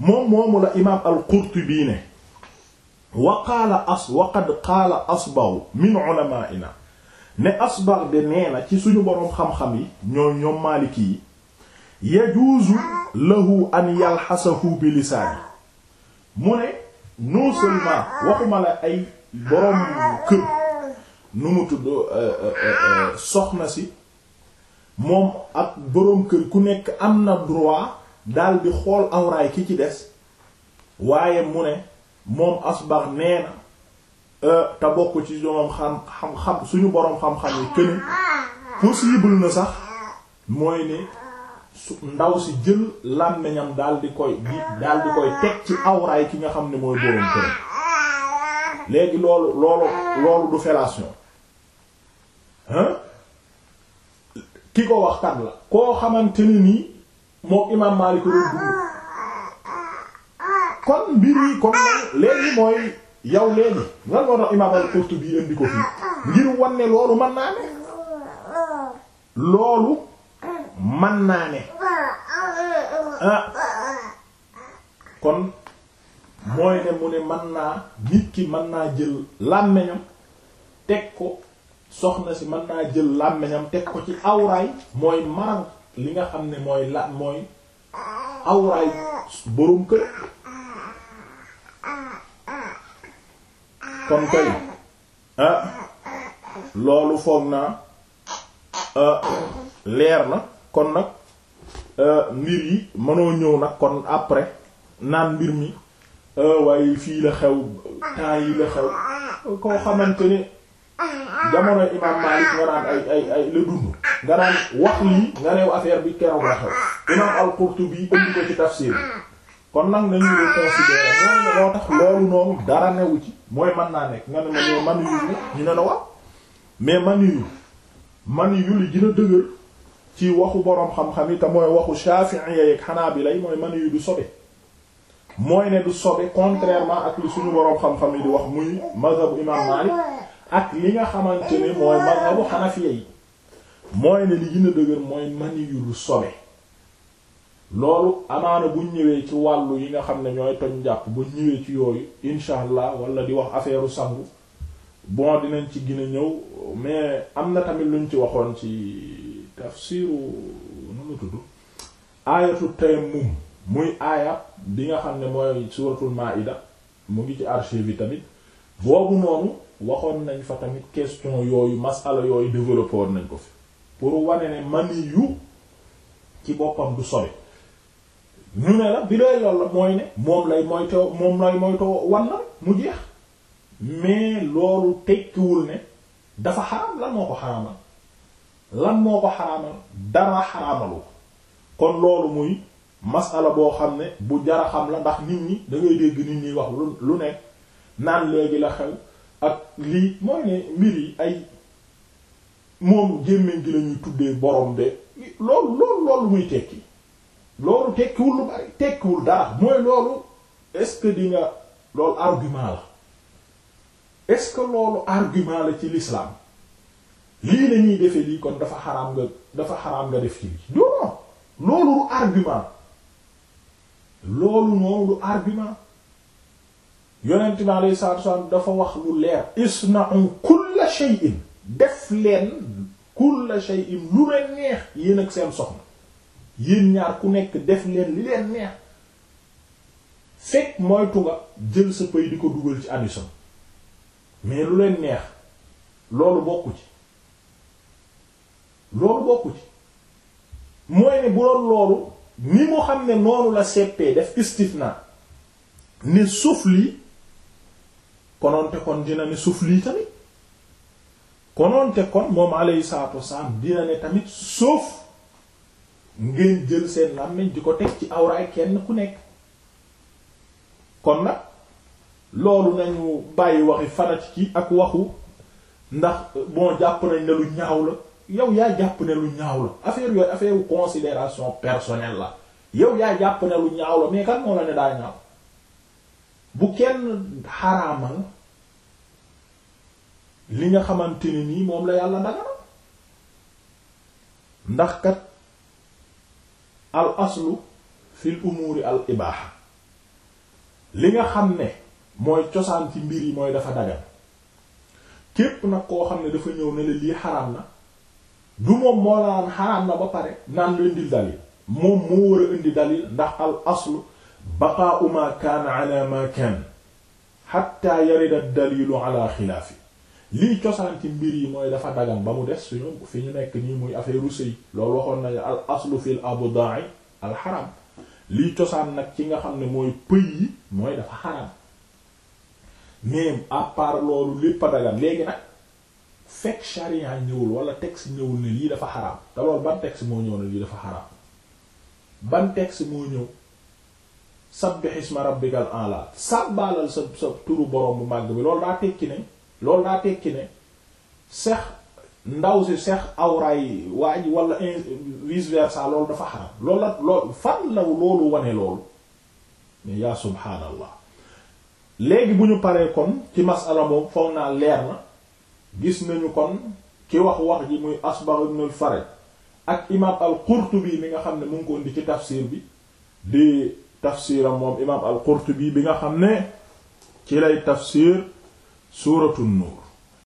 moom moomu la imaam al-Qurtubi ne wa qaala as wa qad qaala asbaw min ulamaa'ina ne asbar de nee ci suñu boroom xam-xam yi ñoom ñoom maaliki yi yajuuzu lahu an yalxasahu bi mu ne non waxuma la ay boroom kër nu tudd euh, euh, euh, soxna si moom ak boroom kër ku nekk am na droit daal di xool awraay ki ci des waaye mu ne moom asbax nee na euh, te bokk ci ñoom xam suñu boroom xam-xam yi këni possible na sax mooy ne su ndaw si jël làmmiñam daal di koy di daal di koy teg ci awraay ki nga xam ne mooy boroom këram léegi loolu loolu loolu du fellation hein ki ko wax kat la koo xamante nii moo imaam Maalik kon mbir yi loolu mën naa ne ah. kon mooy ne mu ne mën naa nit ki mën naa jël làmmeñam teg ko soxna si mën naa jël làmmeñam teg ko ci awraay mooy maram li nga xam ne mooy la mooy awraay boroom kër kon kay loolu foog naa leer na kon nag mbir yi mënoo ñëw nag kon après naan mbir mi waaye fii la xew temps yi la xew koo xamante ni jamono imaam Maalik nga naan ay ay la dund nga naan wax lii nga new affaire bi keroog la xew imam al-Qurtubi indi ko ci tafsir kon nag nañu reconsidérer mooy loo tax loolu noonu dara newu ci mooy mën naa nekk nga ne ma ne man yu ñu ne mais man yu man yu li dina dëgër ci waxu boroom xam-xam yi te mooy waxu Shafi'iyya ak bi lay mooy man yu du sobe mooy ne du sobe contrairement ak li suñu boroom xam-xam yi di wax muy mazhabu imam Malik ak li nga xamante ne mooy mazhabu Hanafiyya yi mooy ne li gën dëgër mooy mani yu lu sobe loolu amaana buñ ñëwee ci wàllu yi nga xam ne ñooy toñ jàpp buñ ñëwee ci yooyu incha allah wala di wax affaire sangu bon dinañ ci gën a ñëw mais am na tamit luñ ci waxoon ci tafsiru nu mu tudd aayatu tayammum muy aaya bi nga xam ne mooy suratul maida mu ngi ci archive yi tamit boobu noonu waxoon nañ fa tamit question yooyu masala yooyu développé woon nañ ko fi pour wane ne mani ci boppam du sobe ñu ne la bi lay lool mooy ne moom lay moytoo moom lay moytoo wan na mu jeex mais loolu tekkiwul ne dafa xaraam lan moo ko xaraamal lan moo ko xaraamal dara xaraamalu kon loolu muy masala boo xam ne bu jara xam la ndax nit ñi dangay ngay dégg nit ñi wax lu lu nekk naan léegi la xew ak lii mooy ne mbir ay moom gémmiñ gi la ñuy tuddee borom de loolu loolu muy tekki loolu tekkiwul lu bari tekkiwul dara mooy loolu est-ce que di loolu argument la est loolu argument la ci l'islam lii la ñuy lii kon dafa xaraam nga dafa xaraam nga def ci lii non loolu lu argument loolu noonu lu argument yonent bi alayhi salaatu wa dafa wax lu leer isna'u kulla shay'in def leen kulla shay'in lu leen neex yéen ak seen soxna yéen ñaar ku nekk def leen li leen neex fekk moytu nga jël sa pëy di ko dugal ci addison mais lu leen neex loolu bokku ci loolu bokku ci mooy ne bu loolu ni mu xam ne noonu la seppee def istifna ne suuf lii konoonte kon dina ne suuf lii tamit konoonte kon moom alayhi salaatu wasalaam dina ne tamit sauf ngeen jël seen làmmiñ di ko teg ci awraay kenn ku nekk kon nag loolu nañu bàyyi waxi fanatique yi ak waxu ndax moo jàpp nañ ne lu ñaaw la yow yaa jàpp ne lu ñaaw la affaire yooyu affaire wu considération personnelle la yow yaa jàpp ne lu ñaaw la mais kan moo la ne daa ñaaw bu kenn xaraamal li nga xamante ni nii moom la yàlla daganal ndax kat al aslu fil umuri al ibaaha li nga xam ne mooy cosaan ci mbir yi mooy dafa dagan képp nag koo xam ne dafa ñëw ne la lii xaraam na du moom moo la naan xaraam na ba pare naan lu indil dalil moom moo war a indi dalil ndax al aslu baqaa'u ma kaana ala ma kaana hatta yarida dalilu ala xilaafi lii cosaan ci mbir yi mooy dafa dagan ba mu des suñu fi ñu nekk nii muy affaire sëy loolu waxoon nañu al aslu fil abda'i al xaram lii cosaan nag ci nga xam ne mooy pëy yi mooy dafa xaram mais à part loolu lépp a dagan léegi nag fekk charia ñëwul wala texte ñëwul ne lii dafa xaram te loolu ban texte moo ñëw ne lii dafa xaram ban texte moo ñëw sabbih isma rabbikal a'la sàbbaalal sa sa turu borom bu màgg bi loolu daa tekki ne loolu daa tekki ne sex ndaw si sex awraay waa ji wala vice versa loolu dafa xaram loolu la loolu fan la loolu wane loolu yaa subhaanallah léegi bu ñu paree kon ci masala moom foog naa leer na gis nañu kon ki wax wax ji muy Asbagh ibn al ak imaam al-Qurtubi mi nga xam ne mu ngi ko indi ci tafsir bi di tafsiram moom imaam al-Qurtubi bi nga xam ne ci lay tafsir suuratu nuur